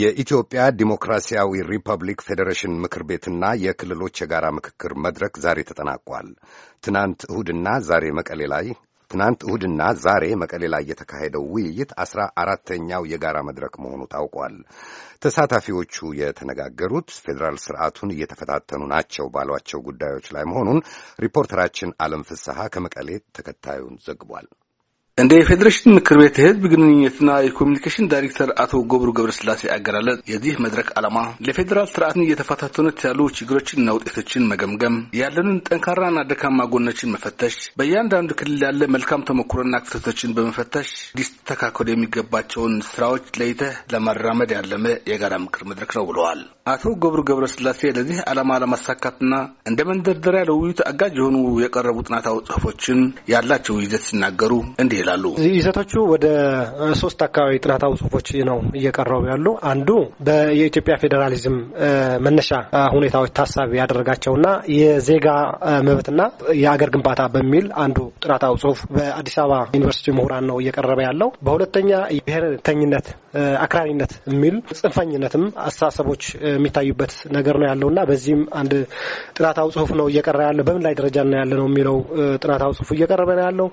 የኢትዮጵያ ዲሞክራሲያዊ ሪፐብሊክ ፌዴሬሽን ምክር ቤትና የክልሎች የጋራ ምክክር መድረክ ዛሬ ተጠናቋል። ትናንት እሁድና ዛሬ መቀሌ ላይ ትናንት እሁድና ዛሬ መቀሌ ላይ የተካሄደው ውይይት አስራ አራተኛው የጋራ መድረክ መሆኑ ታውቋል። ተሳታፊዎቹ የተነጋገሩት ፌዴራል ስርዓቱን እየተፈታተኑ ናቸው ባሏቸው ጉዳዮች ላይ መሆኑን ሪፖርተራችን አለም ፍስሐ ከመቀሌ ተከታዩን ዘግቧል። እንደ የፌዴሬሽን ምክር ቤት የህዝብ ግንኙነትና የኮሚኒኬሽን ዳይሬክተር አቶ ገብሩ ገብረስላሴ አገላለጽ የዚህ መድረክ ዓላማ ለፌዴራል ስርዓትን እየተፋታተኑት ያሉ ችግሮችንና ውጤቶችን መገምገም፣ ያለንን ጠንካራና ደካማ ጎኖችን መፈተሽ፣ በእያንዳንዱ ክልል ያለ መልካም ተሞክሮና ክፍተቶችን በመፈተሽ ሊስተካከሉ የሚገባቸውን ስራዎች ለይተህ ለማራመድ ያለመ የጋራ ምክር መድረክ ነው ብለዋል። አቶ ገብሩ ገብረስላሴ ለዚህ ዓላማ ለማሳካትና እንደ መንደርደሪያ ለውይይት አጋዥ የሆኑ የቀረቡ ጥናታዊ ጽሁፎችን ያላቸው ይዘት ሲናገሩ እንዲህ ይላሉ። ይዘቶቹ ወደ ሶስት አካባቢ ጥናታዊ ጽሁፎች ነው እየቀረቡ ያሉ። አንዱ የኢትዮጵያ ፌዴራሊዝም መነሻ ሁኔታዎች ታሳቢ ያደረጋቸውና የዜጋ መብትና የአገር ግንባታ በሚል አንዱ ጥናታዊ ጽሁፍ በአዲስ አበባ ዩኒቨርሲቲ ምሁራን ነው እየቀረበ ያለው። በሁለተኛ ብሔርተኝነት፣ አክራሪነት የሚል ጽንፈኝነትም አስተሳሰቦች የሚታዩበት ነገር ነው ያለውና በዚህም አንድ ጥናታዊ ጽሁፍ ነው እየቀረ ያለ በምን ላይ ደረጃ ነው ያለ ነው የሚለው ጥናታዊ ጽሁፍ እየቀረበ ነው ያለው።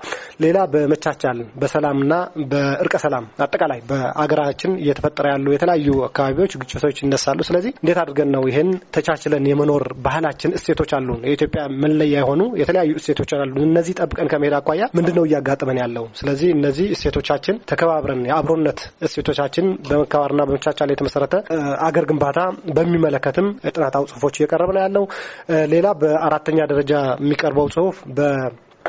ሌላ በመቻቻ እንጋጫለን። በሰላምና በእርቀ ሰላም አጠቃላይ በአገራችን እየተፈጠረ ያሉ የተለያዩ አካባቢዎች ግጭቶች ይነሳሉ። ስለዚህ እንዴት አድርገን ነው ይህን ተቻችለን የመኖር ባህላችን እሴቶች አሉ። የኢትዮጵያ መለያ የሆኑ የተለያዩ እሴቶች አሉ። እነዚህ ጠብቀን ከመሄድ አኳያ ምንድን ነው እያጋጠመን ያለው? ስለዚህ እነዚህ እሴቶቻችን ተከባብረን የአብሮነት እሴቶቻችን በመከባርና በመቻቻል የተመሰረተ አገር ግንባታ በሚመለከትም የጥናታዊ ጽሁፎች እየቀረበ ነው ያለው። ሌላ በአራተኛ ደረጃ የሚቀርበው ጽሁፍ በ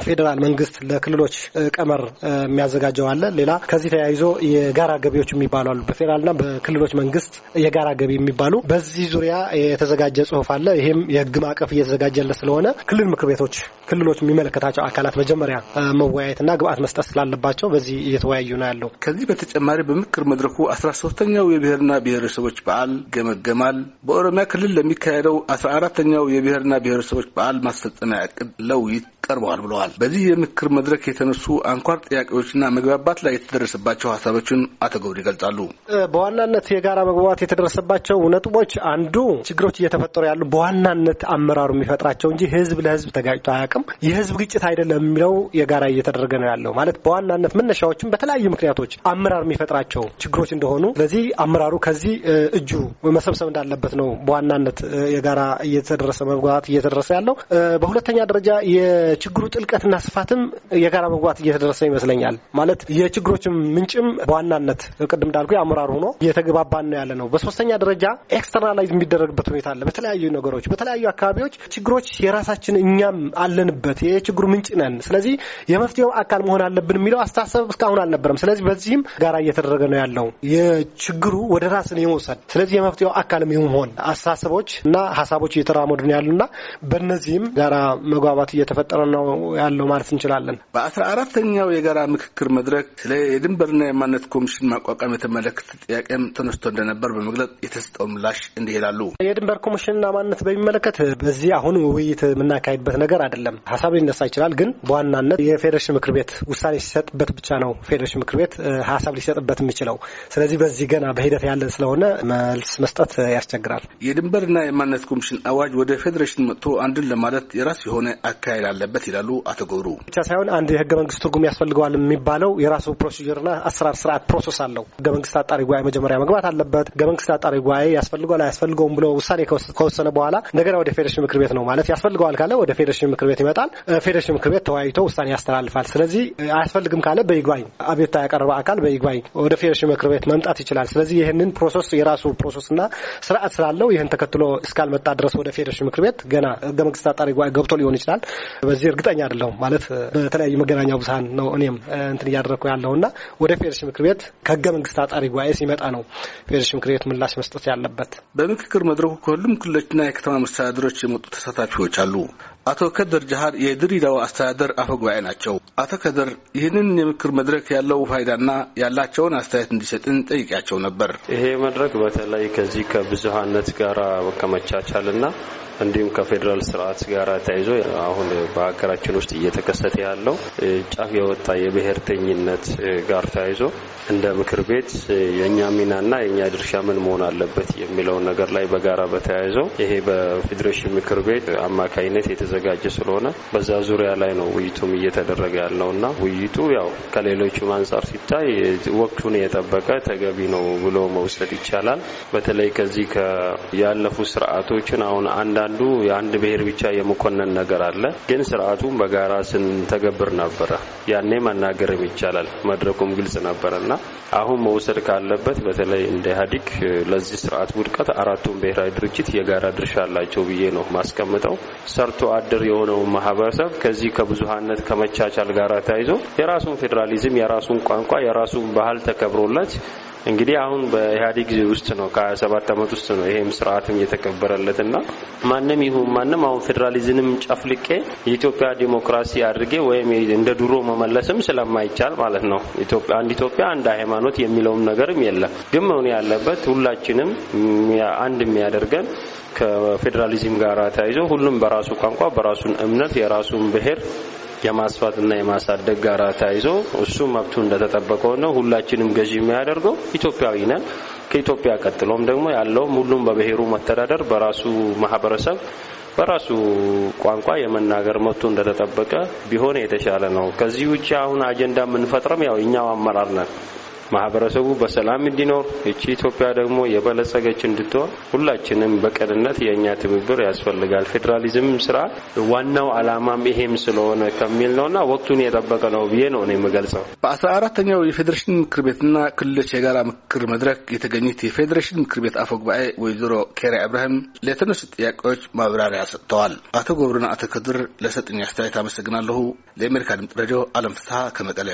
ፌዴራል መንግስት ለክልሎች ቀመር የሚያዘጋጀው አለ። ሌላ ከዚህ ተያይዞ የጋራ ገቢዎች የሚባሉ አሉ። በፌዴራልና በክልሎች መንግስት የጋራ ገቢ የሚባሉ በዚህ ዙሪያ የተዘጋጀ ጽሁፍ አለ። ይህም የህግ ማዕቀፍ እየተዘጋጀለት ስለሆነ ክልል ምክር ቤቶች፣ ክልሎች የሚመለከታቸው አካላት መጀመሪያ መወያየትና ግብአት መስጠት ስላለባቸው በዚህ እየተወያዩ ነው ያለው። ከዚህ በተጨማሪ በምክር መድረኩ አስራ ሶስተኛው የብሔርና ብሔረሰቦች በዓል ገመገማል። በኦሮሚያ ክልል ለሚካሄደው አስራ አራተኛው የብሔርና ብሔረሰቦች በዓል ማስፈጸሚያ እቅድ ለውይይት ቀርበዋል ብለዋል። ተናግረዋል። በዚህ የምክክር መድረክ የተነሱ አንኳር ጥያቄዎችና መግባባት ላይ የተደረሰባቸው ሀሳቦችን አቶ ገብሩ ይገልጻሉ። በዋናነት የጋራ መግባባት የተደረሰባቸው ነጥቦች አንዱ ችግሮች እየተፈጠሩ ያሉ በዋናነት አመራሩ የሚፈጥራቸው እንጂ ህዝብ ለህዝብ ተጋጭቶ አያውቅም፣ የህዝብ ግጭት አይደለም የሚለው የጋራ እየተደረገ ነው ያለው ማለት በዋናነት መነሻዎችም በተለያዩ ምክንያቶች አመራር የሚፈጥራቸው ችግሮች እንደሆኑ፣ ስለዚህ አመራሩ ከዚህ እጁ መሰብሰብ እንዳለበት ነው በዋናነት የጋራ እየተደረሰ መግባባት እየተደረሰ ያለው። በሁለተኛ ደረጃ የችግሩ ጥልቀት ጥልቀትና ስፋትም የጋራ መግባት እየተደረሰ ይመስለኛል። ማለት የችግሮችም ምንጭም በዋናነት ቅድም እንዳልኩ አመራር ሆኖ እየተግባባን ነው ያለ ነው። በሶስተኛ ደረጃ ኤክስተርናላይዝ የሚደረግበት ሁኔታ አለ። በተለያዩ ነገሮች፣ በተለያዩ አካባቢዎች ችግሮች የራሳችን እኛም አለንበት፣ የችግሩ ምንጭ ነን። ስለዚህ የመፍትሄው አካል መሆን አለብን የሚለው አስተሳሰብ እስካሁን አልነበረም። ስለዚህ በዚህም ጋራ እየተደረገ ነው ያለው የችግሩ ወደ ራስን የመውሰድ ስለዚህ የመፍትሄው አካልም የመሆን አስተሳሰቦች እና ሀሳቦች እየተራመዱ ነው ያሉና በእነዚህም ጋራ መግባባት እየተፈጠረ ነው ያለው ማለት እንችላለን። በአስራ አራተኛው የጋራ ምክክር መድረክ ስለ የድንበርና የማንነት ኮሚሽን ማቋቋም የተመለከተ ጥያቄም ተነስቶ እንደነበር በመግለጽ የተሰጠው ምላሽ እንዲህ ይላሉ። የድንበር ኮሚሽንና ማንነት በሚመለከት በዚህ አሁን ውይይት የምናካሄድበት ነገር አይደለም። ሀሳብ ሊነሳ ይችላል፣ ግን በዋናነት የፌዴሬሽን ምክር ቤት ውሳኔ ሲሰጥበት ብቻ ነው ፌዴሬሽን ምክር ቤት ሀሳብ ሊሰጥበት የሚችለው። ስለዚህ በዚህ ገና በሂደት ያለ ስለሆነ መልስ መስጠት ያስቸግራል። የድንበርና የማንነት ኮሚሽን አዋጅ ወደ ፌዴሬሽን መጥቶ አንድን ለማለት የራሱ የሆነ አካሄድ አለበት ይላሉ አቶ ገብሩ ብቻ ሳይሆን አንድ የህገ መንግስት ትርጉም ያስፈልገዋል የሚባለው የራሱ ፕሮሲጀርና አሰራር ስርዓት ፕሮሰስ አለው። ህገ መንግስት አጣሪ ጉባኤ መጀመሪያ መግባት አለበት። ህገ መንግስት አጣሪ ጉባኤ ያስፈልገዋል አያስፈልገውም ብሎ ውሳኔ ከወሰነ በኋላ እንደገና ወደ ፌዴሬሽን ምክር ቤት ነው ማለት ያስፈልገዋል ካለ ወደ ፌዴሬሽን ምክር ቤት ይመጣል። ፌዴሬሽን ምክር ቤት ተወያይቶ ውሳኔ ያስተላልፋል። ስለዚህ አያስፈልግም ካለ በይግባኝ አቤቱታ ያቀረበ አካል በይግባኝ ወደ ፌዴሬሽን ምክር ቤት መምጣት ይችላል። ስለዚህ ይህንን ፕሮሰስ የራሱ ፕሮሰስና ስርዓት ስላለው ይህን ተከትሎ እስካልመጣ ድረስ ወደ ፌዴሬሽን ምክር ቤት ገና ህገ መንግስት አጣሪ ጉባኤ ገብቶ ሊሆን ይችላል። በዚህ እርግጠኛ አይደለሁም ማለት በተለያዩ መገናኛ ብዙሀን ነው እኔም እንትን እያደረግኩ ያለው እና ወደ ፌዴሬሽን ምክር ቤት ከህገ መንግስት አጣሪ ጉባኤ ሲመጣ ነው ፌዴሬሽን ምክር ቤት ምላሽ መስጠት ያለበት። በምክክር መድረኩ ከሁሉም ክልሎችና የከተማ መስተዳደሮች የመጡ ተሳታፊዎች አሉ። አቶ ከደር ጃሃር የድሬዳዋ አስተዳደር አፈ ጉባኤ ናቸው። አቶ ከደር ይህንን የምክር መድረክ ያለው ፋይዳና ያላቸውን አስተያየት እንዲሰጥን ጠይቂያቸው ነበር። ይሄ መድረክ በተለይ ከዚህ ከብዙሀነት ጋር ከመቻቻልና እንዲሁም ከፌዴራል ስርዓት ጋር ተያይዞ አሁን በሀገራችን ውስጥ እየተከሰተ ያለው ጫፍ የወጣ የብሔርተኝነት ጋር ተያይዞ እንደ ምክር ቤት የእኛ ሚናና የእኛ ድርሻ ምን መሆን አለበት የሚለውን ነገር ላይ በጋራ በተያይዘው ይሄ በፌዴሬሽን ምክር ቤት አማካይነት የተዘጋጀ ስለሆነ በዛ ዙሪያ ላይ ነው ውይይቱም እየተደረገ ያለውና ውይይቱ ያው ከሌሎቹም አንጻር ሲታይ ወቅቱን የጠበቀ ተገቢ ነው ብሎ መውሰድ ይቻላል። በተለይ ከዚህ ያለፉ ስርዓቶችን አሁን አንዳንድ እያንዳንዱ የአንድ ብሔር ብቻ የመኮነን ነገር አለ። ግን ስርዓቱን በጋራ ስንተገብር ነበረ። ያኔ መናገርም ይቻላል፣ መድረኩም ግልጽ ነበረ እና አሁን መውሰድ ካለበት በተለይ እንደ ኢህአዴግ ለዚህ ስርዓት ውድቀት አራቱም ብሔራዊ ድርጅት የጋራ ድርሻ አላቸው ብዬ ነው ማስቀምጠው። ሰርቶ አደር የሆነውን ማህበረሰብ ከዚህ ከብዙሀነት ከመቻቻል ጋራ ተያይዞ የራሱን ፌዴራሊዝም፣ የራሱን ቋንቋ፣ የራሱን ባህል ተከብሮለት እንግዲህ አሁን በኢህአዴግ ውስጥ ነው ከሀያ ሰባት አመት ውስጥ ነው ይሄም ስርዓትም የተከበረለት እና ማንም ይሁን ማንም አሁን ፌዴራሊዝምም ጨፍልቄ የኢትዮጵያ ዲሞክራሲ አድርጌ ወይም እንደ ድሮ መመለስም ስለማይቻል ማለት ነው አንድ ኢትዮጵያ አንድ ሃይማኖት የሚለውም ነገርም የለም። ግን መሆን ያለበት ሁላችንም አንድ የሚያደርገን ከፌዴራሊዝም ጋር ተያይዞ ሁሉም በራሱ ቋንቋ በራሱን እምነት የራሱን ብሄር የማስፋትና የማሳደግ ጋራ ተያይዞ እሱ መብቱ እንደተጠበቀው ነው። ሁላችንም ገዢ የሚያደርገው ኢትዮጵያዊ ነን። ከኢትዮጵያ ቀጥሎም ደግሞ ያለውም ሁሉም በብሔሩ መተዳደር በራሱ ማህበረሰብ በራሱ ቋንቋ የመናገር መብቱ እንደተጠበቀ ቢሆን የተሻለ ነው። ከዚህ ውጭ አሁን አጀንዳ የምንፈጥረም ያው እኛው አመራር ነን። ማህበረሰቡ በሰላም እንዲኖር እቺ ኢትዮጵያ ደግሞ የበለጸገች እንድትሆን ሁላችንም በቅንነት የእኛ ትብብር ያስፈልጋል። ፌዴራሊዝም ስራ ዋናው አላማም ይሄም ስለሆነ ከሚል ነውና ወቅቱን የጠበቀ ነው ብዬ ነው ነው የምገልጸው። በአስራ አራተኛው የፌዴሬሽን ምክር ቤትና ክልሎች የጋራ ምክክር መድረክ የተገኙት የፌዴሬሽን ምክር ቤት አፈ ጉባኤ ወይዘሮ ኬሪያ ኢብራሂም ለተነሱ ጥያቄዎች ማብራሪያ ሰጥተዋል። አቶ ጎብርና አቶ ከድር ለሰጠኝ አስተያየት አመሰግናለሁ። ለአሜሪካ ድምጽ ሬዲዮ አለም ፍስሀ ከመቀለ